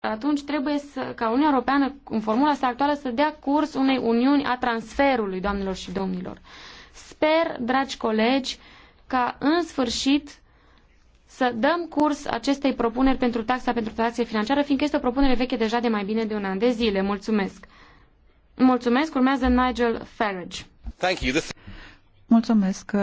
atunci trebuie să, ca Uniunea Europeană, în formula sa actuală, să dea curs unei uniuni a transferului, doamnelor și domnilor. Sper, dragi colegi, ca în sfârșit să dăm curs acestei propuneri pentru taxa pentru tranzacție financiară, fiindcă este o propunere veche deja de mai bine de un an de zile. Mulțumesc! Mulțumesc! Urmează Nigel Farage. Mulțumesc!